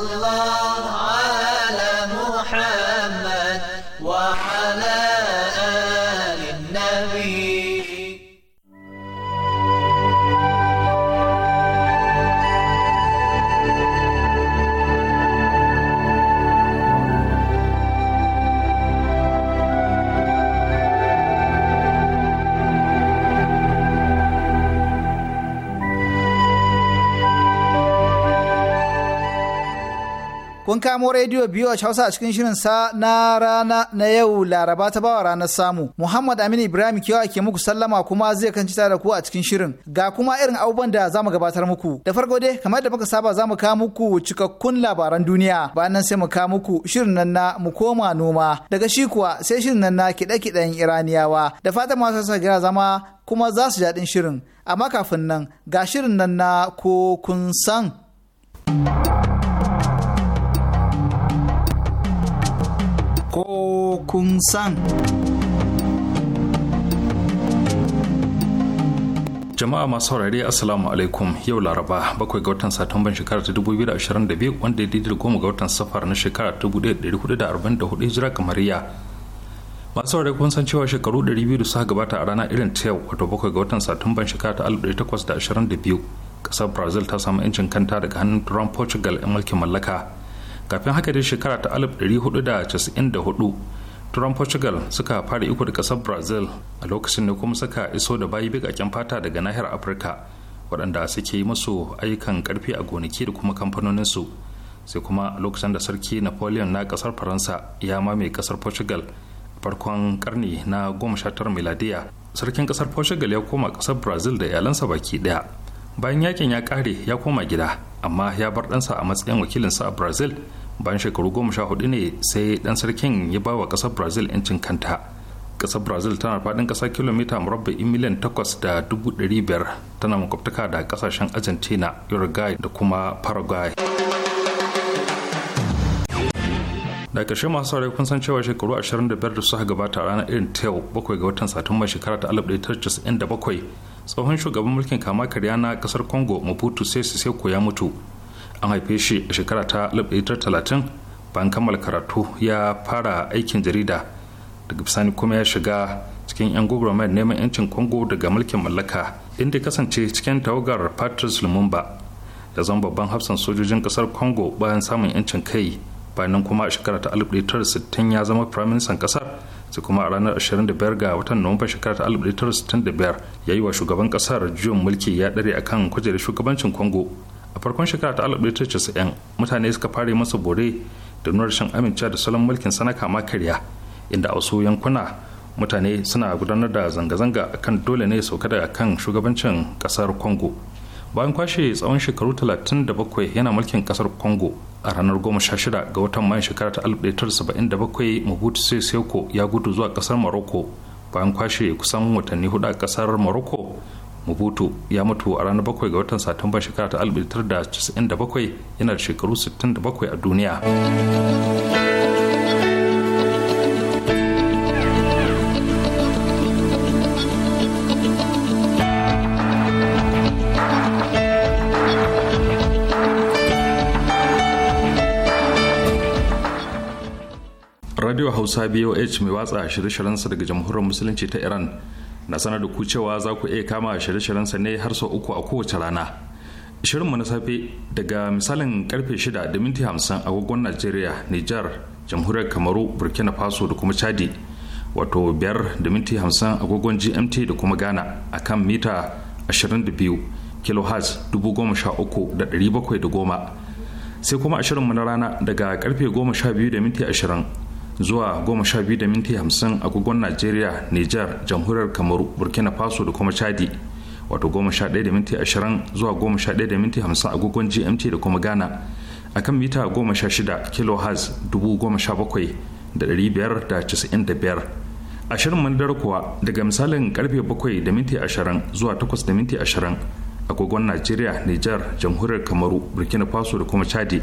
Allah. kamo rediyo biyu a Hausa a cikin shirin sa na rana na yau Laraba ta bawa ranar samu. Muhammad Aminu Ibrahim Kiyawa ke muku sallama kuma zai kan da ku a cikin shirin. Ga kuma irin abubuwan da za mu gabatar muku. Da farko dai kamar da muka saba za mu kawo muku cikakkun labaran duniya. Bayan nan sai mu kawo muku shirin nan na mu koma noma. Daga shi kuwa sai shirin nan na kiɗe-kiɗen Iraniyawa. Da fatan masu sa gira zama kuma za su jaɗin shirin. Amma kafin nan ga shirin nan na ko kun san. ko kun san. jama'a masu saurare assalamu alaikum yau laraba bakwai ga watan satumban shekara ta 2022 wanda ya daidai goma ga watan safar na shekara 1444 hijira kamariya masu saurare kun san cewa shekaru 200 suka gabata a rana irin ta yau wato bakwai ga watan satumban shekara ta 1822 kasar brazil ta samu yancin kanta daga hannun turan portugal 'yan mulkin mallaka kafin haka dai shekara ta 1494 turan portugal suka fara iko da kasar brazil a lokacin ne kuma suka iso da bayi bikaken fata daga nahiyar afirka waɗanda suke yi musu ayyukan karfi a gonaki da kuma kamfanoninsu sai kuma lokacin da sarki napoleon na kasar faransa ya mame kasar portugal farkon karni na 19 miladiya sarkin kasar portugal ya koma kasar brazil da iyalansa baki daya bayan yakin ya kare ya koma gida amma ya bar ɗansa a matsayin wakilinsa a brazil bayan shekaru goma sha hudu ne sai dan sarkin ya ba wa kasar brazil 'yancin kanta kasar brazil tana faɗin ƙasa kilomita murabba'in miliyan takwas da dubu ɗari biyar tana makwabtaka da ƙasashen argentina uruguay da kuma paraguay da ƙarshe masu saurari kun san cewa shekaru 25 da suka gabata ranar irin ta yau bakwai ga watan satumba shekara ta bakwai tsohon shugaban mulkin kama karya na kasar congo mabutu sai seko ya mutu an haife shi a shekara ta 1930 bayan kammala karatu ya fara aikin jarida daga bisani kuma ya shiga cikin 'yan gwagwarmayar neman 'yancin congo daga mulkin mallaka inda ya kasance cikin tawagar patrice lumumba da zama babban hafsan sojojin kasar congo bayan samun yancin kai bayan kuma a shekara ta 1960 ya zama firaministan kasar sai kuma a ranar 25 ga watan nuwamban shekara ta 1965 ya yi wa shugaban kasar juyin mulki ya dare akan kujerar shugabancin congo a farkon shekara ta 1990 mutane suka fara masa bore da nuna rashin amincewa da salon mulkin sanaka makariya inda a wasu yankuna mutane suna gudanar da zanga-zanga kan dole ne sauka daga kan shugabancin kasar congo bayan kwashe tsawon shekaru 37 yana mulkin kasar congo a ranar 16 ga watan mayan shekara ta 1977 mobutu sai seko ya gudu zuwa kasar morocco bayan kwashe kusan watanni hudu a kasar morocco Mobutu ya mutu a ranar bakwai ga watan Satumba shekara ta 1997 yana da shekaru 67 a duniya. Radio Hausa BOH mai watsa shirye-shiryensa daga Jamhuriyar Musulunci ta Iran na sanar da ku cewa za ku iya kama shirye sa ne har sau uku a kowace rana shirinmu na safe daga misalin karfe shida da minti hamsin agogon najeriya niger jamhuriyar kamaru burkina faso da kuma chadi wato 5 da minti 50 agogon gmt da kuma ghana a kan mita 22 kilohertz 13710 sai kuma ashirinmu na rana daga karfe 12 da minti 20 zuwa goma sha biyu da minti hamsin agogon najeriya nijar jamhuriyar kamaru burkina faso da kuma chadi wato goma sha da minti zuwa goma sha ɗaya agogon gmt da kuma ghana akan mita goma sha shida kilohertz dubu goma sha bakwai biyar da da biyar ashirin mandar kuwa daga misalin karfe bakwai da minti ashirin zuwa takwas da minti ashirin agogon najeriya nijar jamhuriyar kamaru burkina faso da kuma chadi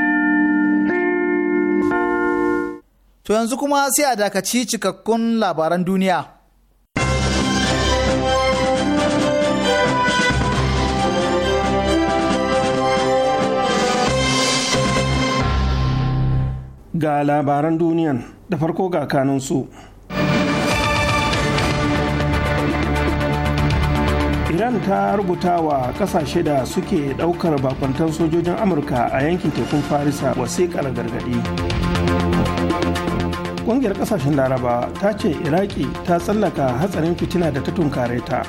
To yanzu kuma sai a dakaci cikakkun labaran duniya. Ga labaran duniyan da farko ga kanunsu. Iran ta rubuta wa kasashe da suke daukar bakwantan sojojin Amurka a yankin tekun Farisa wasiƙar gargaɗi. ƙungiyar ƙasashen laraba ta ce iraki ta tsallaka hatsarin fitina da ta tunkare ta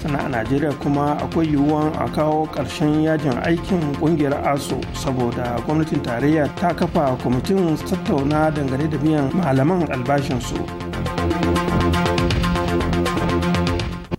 sana a najeriya kuma akwai yiwuwan a kawo ƙarshen yajin aikin ƙungiyar aso saboda gwamnatin tarayya ta kafa kwamitin tattauna dangane da biyan malaman albashinsu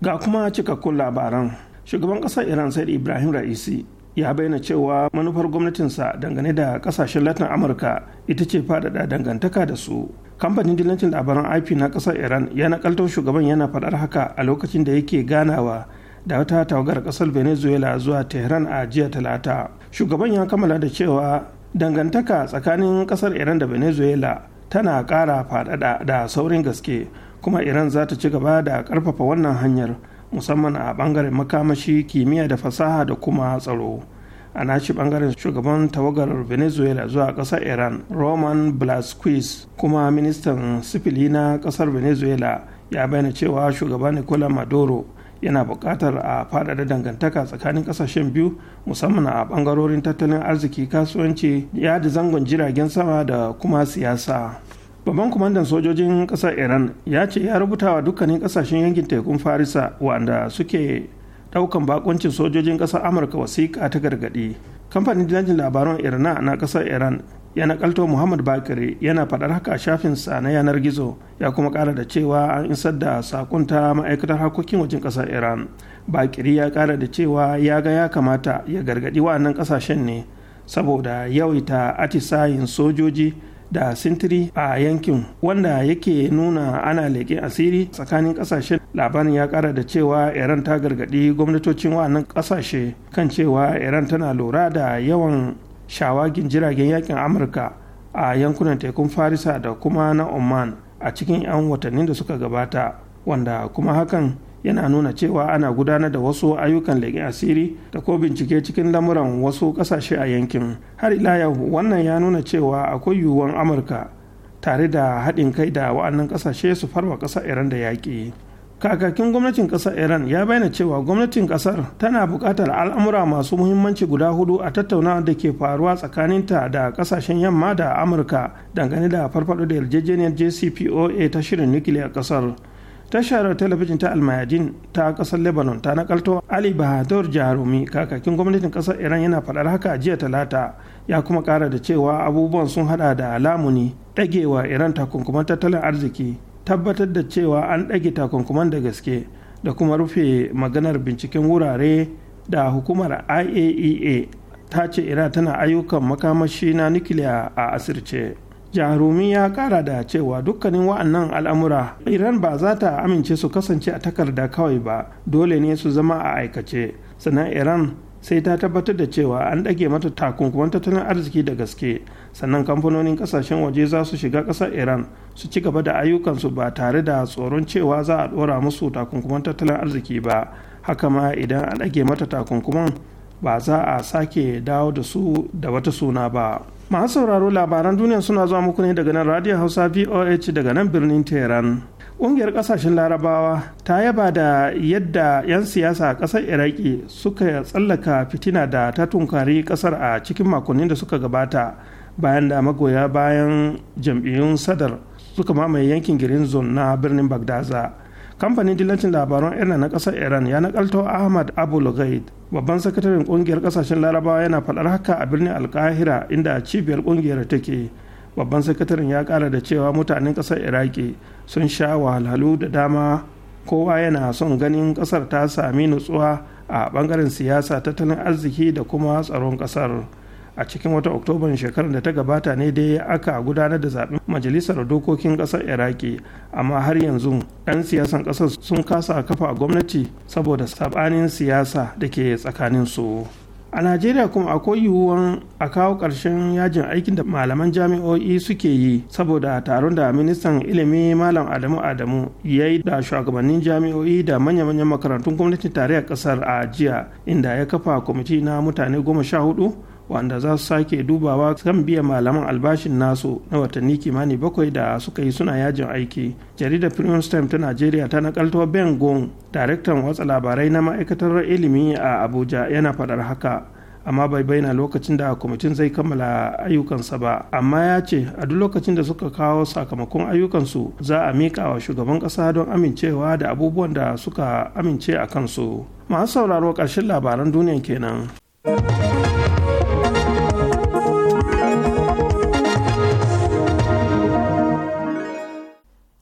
ga kuma cikakkun labaran shugaban ƙasar iran said ibrahim ra'isi ya bayyana cewa manufar gwamnatinsa dangane da kasashen latin amurka ita ce faɗaɗa dangantaka da su kamfanin dillancin labaran ip na ƙasar iran ya nakaltar shugaban yana faɗar haka a lokacin da yake ganawa da wata tawagar ƙasar venezuela zuwa tehran a jiya talata shugaban ya kammala da cewa dangantaka tsakanin ƙasar iran da venezuela tana kara faɗaɗa da saurin gaske kuma iran za ta ci gaba da ƙarfafa wannan hanyar musamman a bangaren makamashi kimiyya da fasaha da kuma tsaro a nashi bangaren shugaban tawagar venezuela zuwa kasar iran roman blasquez kuma ministan sifili na kasar venezuela ya bayyana cewa shugaban nicola maduro yana buƙatar a faɗaɗa dangantaka tsakanin ƙasashen biyu musamman a ɓangarorin tattalin arziki kasuwanci ya da zangon jiragen sama da kuma siyasa babban kwamandan sojojin ƙasar iran ya ce ya rubuta wa dukkanin ƙasashen yankin tekun farisa wanda suke ɗaukan bakuncin sojojin ƙasar amurka wasiƙa ta gargaɗi kamfanin dajin labaran irna na ƙasar iran ya nakalto muhammad bakare yana faɗar haka shafin sa na yanar gizo ya kuma ƙara da cewa an isar da sakon ta ma'aikatar harkokin wajen ƙasar iran bakiri ya ƙara da cewa ya ga ya kamata ya gargaɗi waɗannan ƙasashen ne saboda yawaita atisayin sojoji da sintiri a yankin wanda yake nuna ana leƙen asiri tsakanin ƙasashen labarin ya ƙara da cewa iran ta gargaɗi gwamnatocin wa'annan ƙasashe kan cewa iran tana lura da yawan shawagin jiragen yakin amurka a yankunan tekun farisa da kuma na oman a cikin 'yan watannin da suka gabata wanda kuma hakan yana nuna cewa ana gudanar da wasu ayyukan leƙen asiri da ko bincike cikin lamuran wasu ƙasashe a yankin har ila yau wannan ya nuna cewa akwai yiwuwan amurka tare da haɗin kai da wa'annan ƙasashe su farwa ƙasa iran da yaƙi kakakin gwamnatin ƙasar iran ya bayyana cewa gwamnatin ƙasar tana buƙatar al'amura masu muhimmanci guda hudu a tattaunawa da ke faruwa tsakaninta da ƙasashen yamma da amurka dangane da farfaɗo da yarjejeniyar jcpoa ta shirin nukiliyar ƙasar tashar talabijin ta almayadin ta kasar lebanon ta nakalto ali bahadur jarumi kakakin gwamnatin kasar iran yana faɗar haka jiya talata ya kuma ƙara da cewa abubuwan sun hada da lamuni ɗagewa iran takunkuman tattalin arziki tabbatar da cewa an ɗage takunkuman da gaske da kuma rufe maganar binciken wurare da hukumar iaea e ta ce iran tana ayyukan makamashi na nukiliya a asirce. jarumi ya kara da cewa dukkanin wa'annan al'amura iran ba za ta amince su kasance a takarda kawai ba dole ne su zama a aikace sannan iran sai ta tabbatar da cewa an ɗage mata takunkuman tattalin arziki da gaske sannan kamfanonin kasashen waje za su shiga ƙasar iran su ci gaba da ayyukansu ba tare da tsoron cewa za a ɗora musu takunkuman tattalin arziki ba haka ma idan an ɗage mata takunkuman ba za a sake dawo da su da wata suna ba. masu sauraro labaran duniya suna zuwa muku ne daga nan radio hausa voh daga nan birnin tehran ƙungiyar ƙasashen larabawa ta yaba da yadda 'yan siyasa a ƙasar iraki suka tsallaka fitina da ta tunkari ƙasar a cikin makonnin da suka gabata bayan da magoya bayan jam'iyyun sadar suka mamaye yankin girin zone na birnin bagdaza kamfanin dillancin labaran irin na kasar iran ya nakalto ahmad abu ghaid babban sakataren kungiyar kasashen larabawa yana faɗar haka a birnin alkahira inda cibiyar kungiyar take babban sakataren ya kara da cewa mutanen kasar iraki sun sha wahalhalu da dama kowa yana son ganin ƙasar ta sami nutsuwa a ɓangaren siyasa tattalin arziki da kuma tsaron ƙasar. a cikin wata oktoban shekarar da ta gabata ne dai aka gudanar da zaben majalisar dokokin kasar iraki amma har yanzu ɗan siyasan ƙasar sun kasa kafa gwamnati saboda sabanin siyasa da ke tsakanin su a najeriya kuma akwai yiwuwan a kawo ƙarshen yajin aikin da malaman jami'o'i suke yi saboda taron da ministan ilimi malam adamu adamu ya yi da shugabannin jami'o'i da manya-manyan makarantun gwamnatin tarayyar ƙasar a jiya inda ya kafa kwamiti na mutane goma sha hudu wanda za su sake dubawa kan biya malaman albashin nasu na watanni kimani bakwai da suka yi suna yajin aiki jaridar premium Stem ta najeriya ta nakalto ben gong daraktan watsa labarai na ma'aikatar ilimi a abuja yana faɗar haka amma bai bayyana lokacin da kwamitin zai kammala ayyukansa ba amma ya ce a duk lokacin da suka kawo sakamakon ayyukansu za a miƙa wa shugaban ƙasa don amincewa da abubuwan da suka amince a kansu masu sauraro ƙarshen labaran duniya kenan.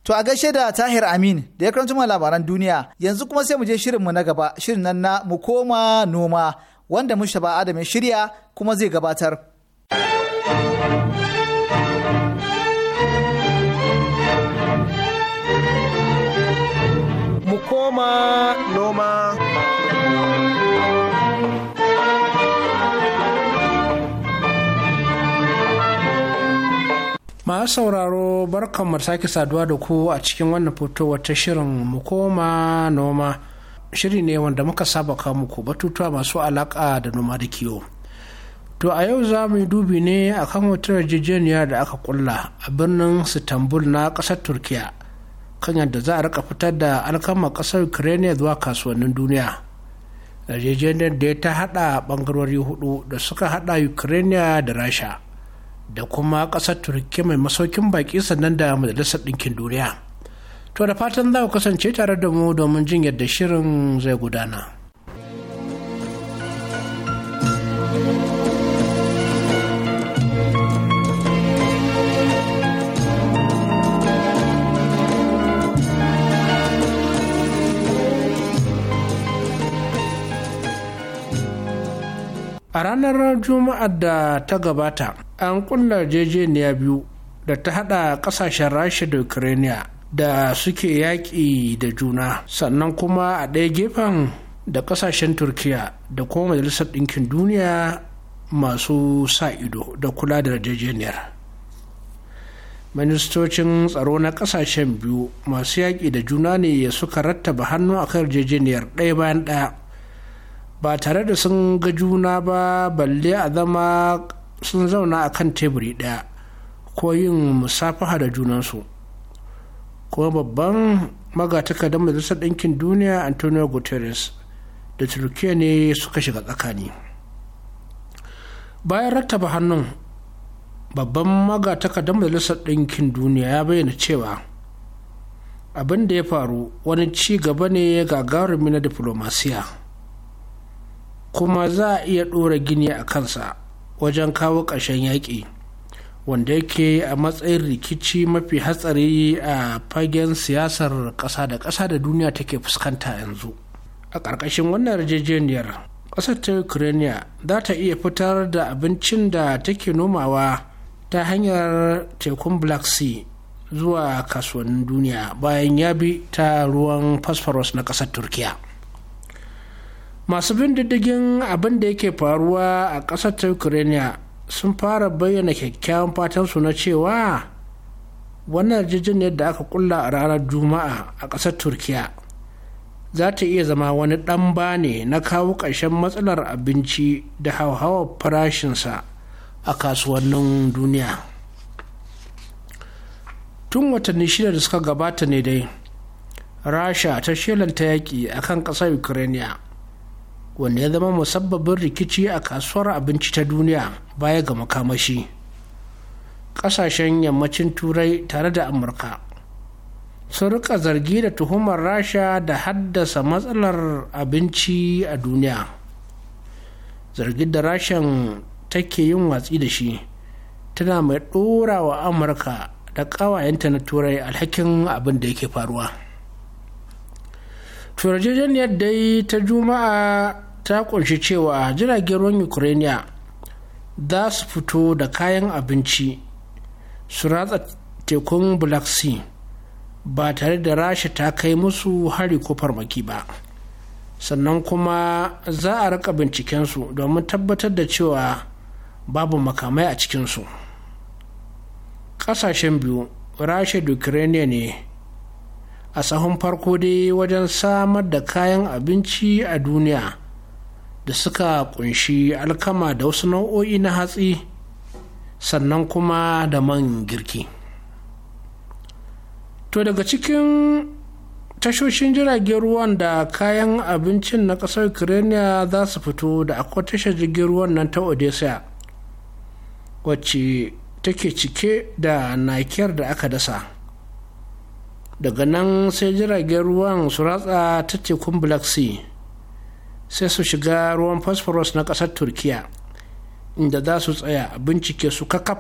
To a gaishe da Tahir Amin da ya mana labaran duniya yanzu kuma sai mu je mu na gaba shirin nan na mu koma noma wanda Mushaba Adam ya shirya kuma zai gabatar. masu sauraro barkan sake saduwa da ku a cikin wannan fitowar ta shirin mu koma noma shiri ne wanda muka saba kawo muku batutuwa masu alaka da noma da kiwo to a yau za mu yi dubi ne a kan wata yarjejeniya da aka kulla a birnin istanbul na kasar turkiya kan yadda za a rika fitar da alkama kasar ukraine zuwa kasuwannin duniya yarjejeniyar da ta hada bangarori hudu da suka hada ukraine da rasha da kuma ƙasar turki mai masaukin baƙi sannan da majalisar ɗinkin duniya to da fatan za ku kasance tare da mu domin jin yadda shirin zai gudana a ranar juma'ar da ta gabata an kulla jejeniya biyu da ta hada kasashen rasha da ukraine da suke yaƙi da juna sannan kuma a ɗaya gefen da kasashen turkiya da kuma majalisar ɗinkin duniya masu sa ido da kula da yarjejeniyar ministocin tsaro na kasashen biyu masu yaƙi da juna ne ya suka rattaba hannu a kan yarjejeniyar ɗaya bayan ɗaya ba tare da sun ga juna ba balle a zama sun zauna a kan teburi ɗaya ko yin musafaha da junansu kuma babban da majalisar ɗinkin duniya antonio guterres da turkiya ne suka shiga tsakani bayan rattaba hannun babban da majalisar ɗinkin duniya ya bayyana cewa abin da ya faru wani ci gaba ne gagarumi na diflomasiya kuma za a iya ɗora gini a kansa wajen kawo ƙarshen yaƙi wanda yake a matsayin rikici mafi hatsari a fagen siyasar ƙasa da ƙasa da duniya take fuskanta yanzu a ƙarƙashin wannan yarjejeniyar ƙasar ta ukraine za ta iya fitar da abincin da take nomawa ta hanyar tekun black sea zuwa kasuwannin duniya bayan ya bi ta ruwan phosphorus na ƙasar turkiya masu bin diddigin abin da yake faruwa a ƙasar ta ukraine sun fara bayyana kyakkyawan fatansu na cewa wannan jijin yadda aka kulla a ranar juma'a a ƙasar turkiya za ta iya zama wani ɗan bane na kawo ƙarshen matsalar abinci da hauhawar farashinsa a kasuwannin duniya tun watanni shida da suka gabata ne dai rasha ta shelanta yaƙi a kan ƙasar ukraine wanda ya zama musabbabin rikici a kasuwar abinci ta duniya baya ga makamashi ƙasashen yammacin turai tare da amurka sun rika zargi da tuhumar rasha da haddasa matsalar abinci a duniya zargi da rashin take yin watsi da shi tana mai ɗora wa amurka da ƙawayenta na turai alhakin abin da yake faruwa turjejeniyar dai ta juma'a ta kunshi cewa jiragen ruwan ukraine za su fito da kayan abinci su ratsa tekun black sea ba tare da rasha ta kai musu hari ko farmaki ba sannan kuma za a rika bincikensu domin tabbatar da cewa babu makamai a cikinsu ƙasashen biyu rasha da ukraine ne a sahun farko dai wajen samar da kayan abinci a duniya da suka kunshi alkama da wasu nau'o'i na hatsi sannan kuma da man girki to daga cikin tashoshin jiragen ruwan da kayan abincin na ƙasar ukraine za su fito da akwai tashar jirgin ruwan nan ta odessa wacce take cike da nakiyar da aka dasa daga nan sai jiragen ruwan su ratsa ta tekun black sea sai su shiga ruwan phosphorus na ƙasar turkiya inda za su tsaya a bincike su kakaf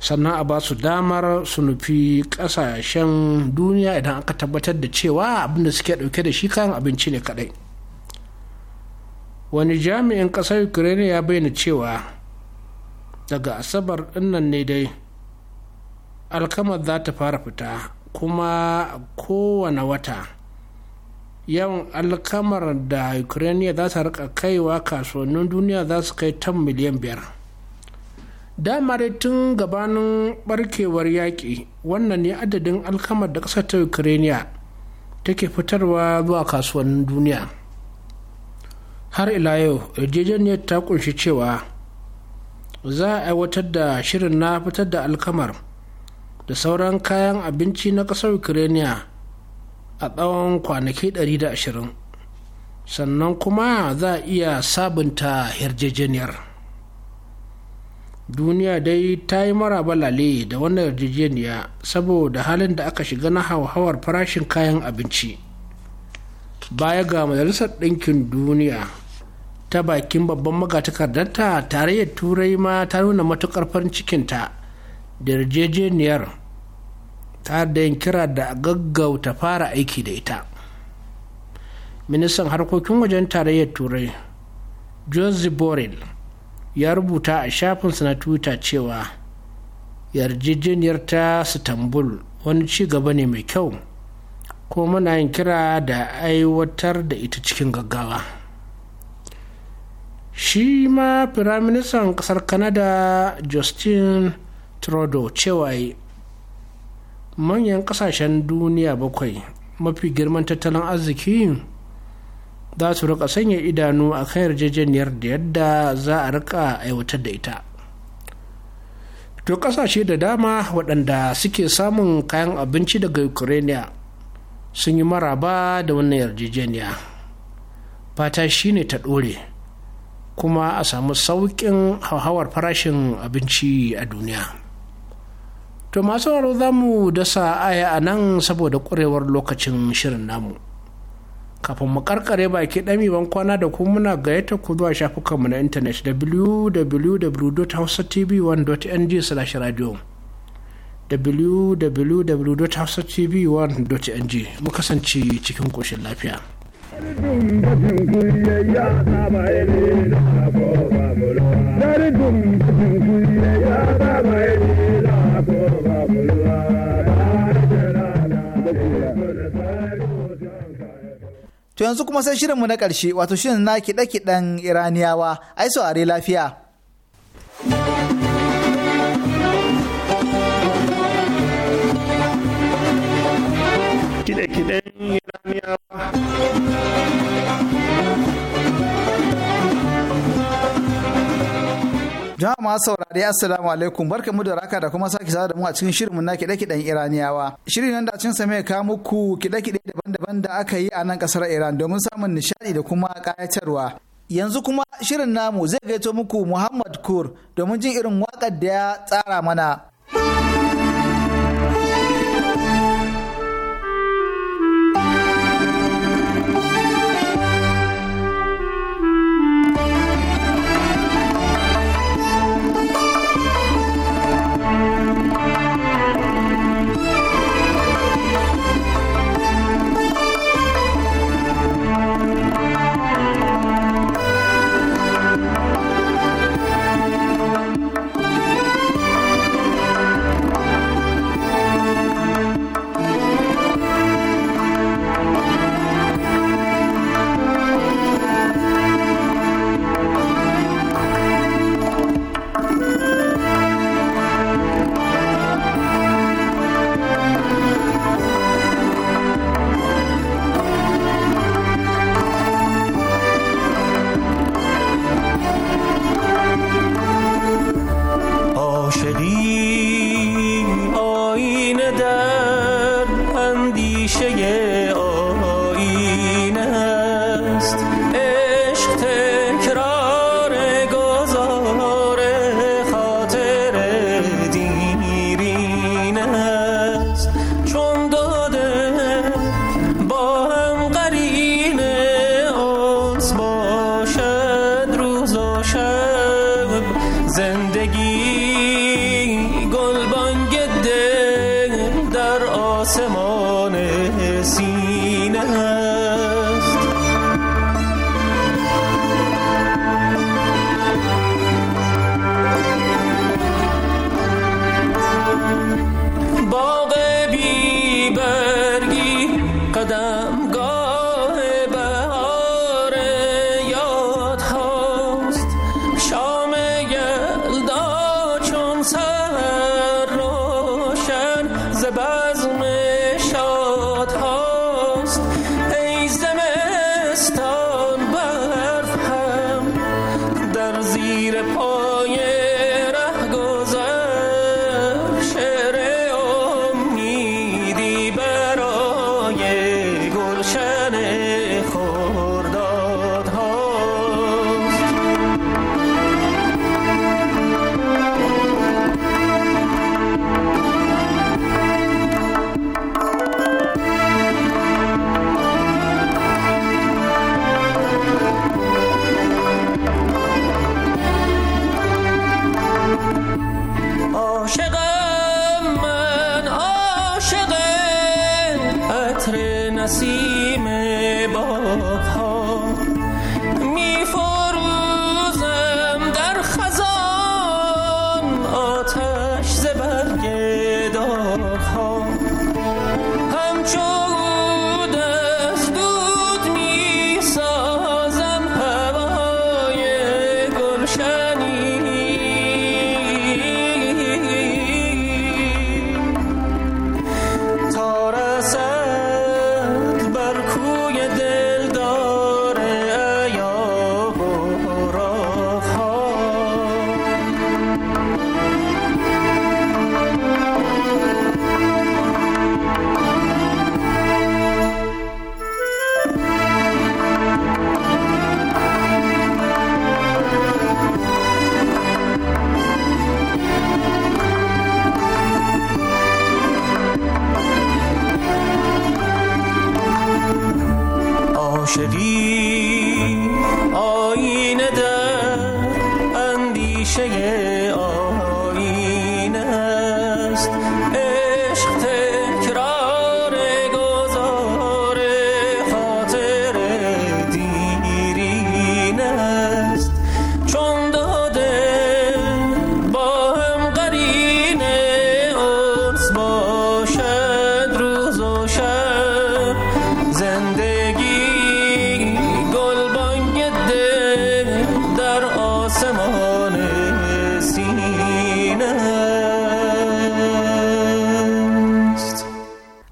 sannan a ba su damar su nufi ƙasashen duniya idan aka tabbatar da cewa abinda suke ɗauke da shi kayan abinci ne kaɗai wani jami'in ƙasar ukraine ya bayyana cewa daga asabar ɗinnan ne dai alkamar za ta fara fita kuma kowane wata yawan alkamar da ukraine za ta rika kaiwa kasuwannin duniya za su kai tan miliyan biyar dama tun gabanin barkewar yaƙi wannan ne adadin alkamar da ƙasar ta ukraine take fitarwa zuwa kasuwannin duniya har ila yau yarjejeniyar ta kunshi cewa za a aiwatar da shirin na fitar da alkamar da sauran kayan abinci na ƙasar ukraine a tsawon kwanaki 120 sannan kuma za a iya sabunta yarjejeniyar duniya dai ta yi mara balale da wannan yarjejeniya saboda halin da aka shiga na hauhawar farashin kayan abinci baya ga majalisar ɗinkin duniya ta bakin babban magatakardarta tarayyar turai ma ta nuna matukar farin cikinta da yarjejeniyar ta da yin kira da gaggauta fara aiki da ita ministan harkokin wajen tarayyar turai jose borrell ya rubuta a shafinsa na twitter cewa yarjejeniyar ta istanbul wani ci gaba ne mai kyau ko muna yin kira da aiwatar da ita cikin gaggawa shi ma firaministan kasar Kanada justin trudeau cewa manyan kasashen duniya bakwai mafi girman tattalin arziki za su rika sanya idanu a kan yarjejeniyar da yadda za a rika aiwatar da ita to kasashe da dama waɗanda suke samun kayan abinci daga ukraine sun yi maraba da wannan yarjejeniya fata shi ne ta ɗore kuma a samu sauƙin hauhawar farashin abinci a duniya. to masu waro za mu dasa aya a nan saboda ƙurewar lokacin shirin namu kafin mu karkare baki ɗami ban kwana da kuma muna gayyata ku zuwa shafukanmu na intanet www.hausatv1.ng/radio www.hausatv1.ng mu kasance cikin ƙoshin lafiya. Dari dum dum kuye ya baba ya To yanzu kuma sai shirinmu na ƙarshe wato shirin na kiɗe-kiɗen Iraniyawa, ai are lafiya. Kiɗe-kiɗen masu saurari assalamu alaikum barka mu da raka da kuma sake sada da mu a cikin shirinmu na kiɗe-kiɗen iraniyawa shirin nan da cin sa mai ka muku kiɗe-kiɗe daban-daban da aka yi a nan ƙasar iran domin samun nishaɗi da kuma ƙayatarwa yanzu kuma shirin namu zai gaito muku muhammad kur domin jin irin wakar da ya tsara mana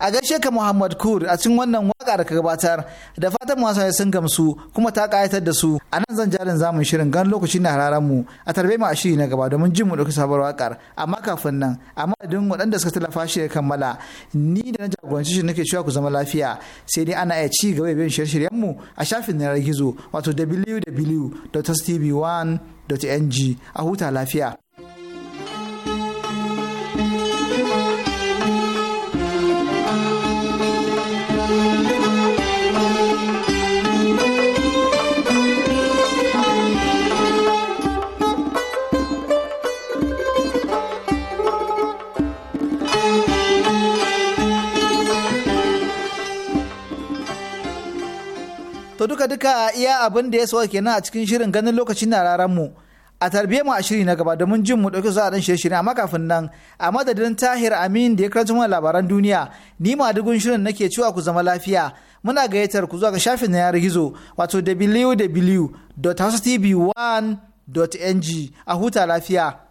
a gaishe ka Muhammad Kur a cikin wannan waka da ka gabatar da fatan masu sun gamsu kuma ta kayatar da su a nan zan jarin zamun shirin gan lokaci na hararen mu a tarbe mu a shiri na gaba domin jin mu dauki sabuwar wakar amma kafin nan a madadin waɗanda suka tallafa shi ya kammala ni da na jagoranci shi nake cewa ku zama lafiya sai dai ana iya ci gaba bin shirye-shiryen mu a shafin na gizo wato www.tv1.ng a huta lafiya. to duka duka a iya abin da ya sauka kenan a cikin shirin ganin lokacin na raran mu a tarbiyyar mu a shiri na gaba domin jin mu dauki zuwa dan shirye-shirye amma kafin nan a madadin Tahir Amin da ya karanta mana labaran duniya ni ma dugun shirin nake cewa ku zama lafiya muna gayyatar ku zuwa ga shafin na yanar gizo wato www.housetv1.ng a huta lafiya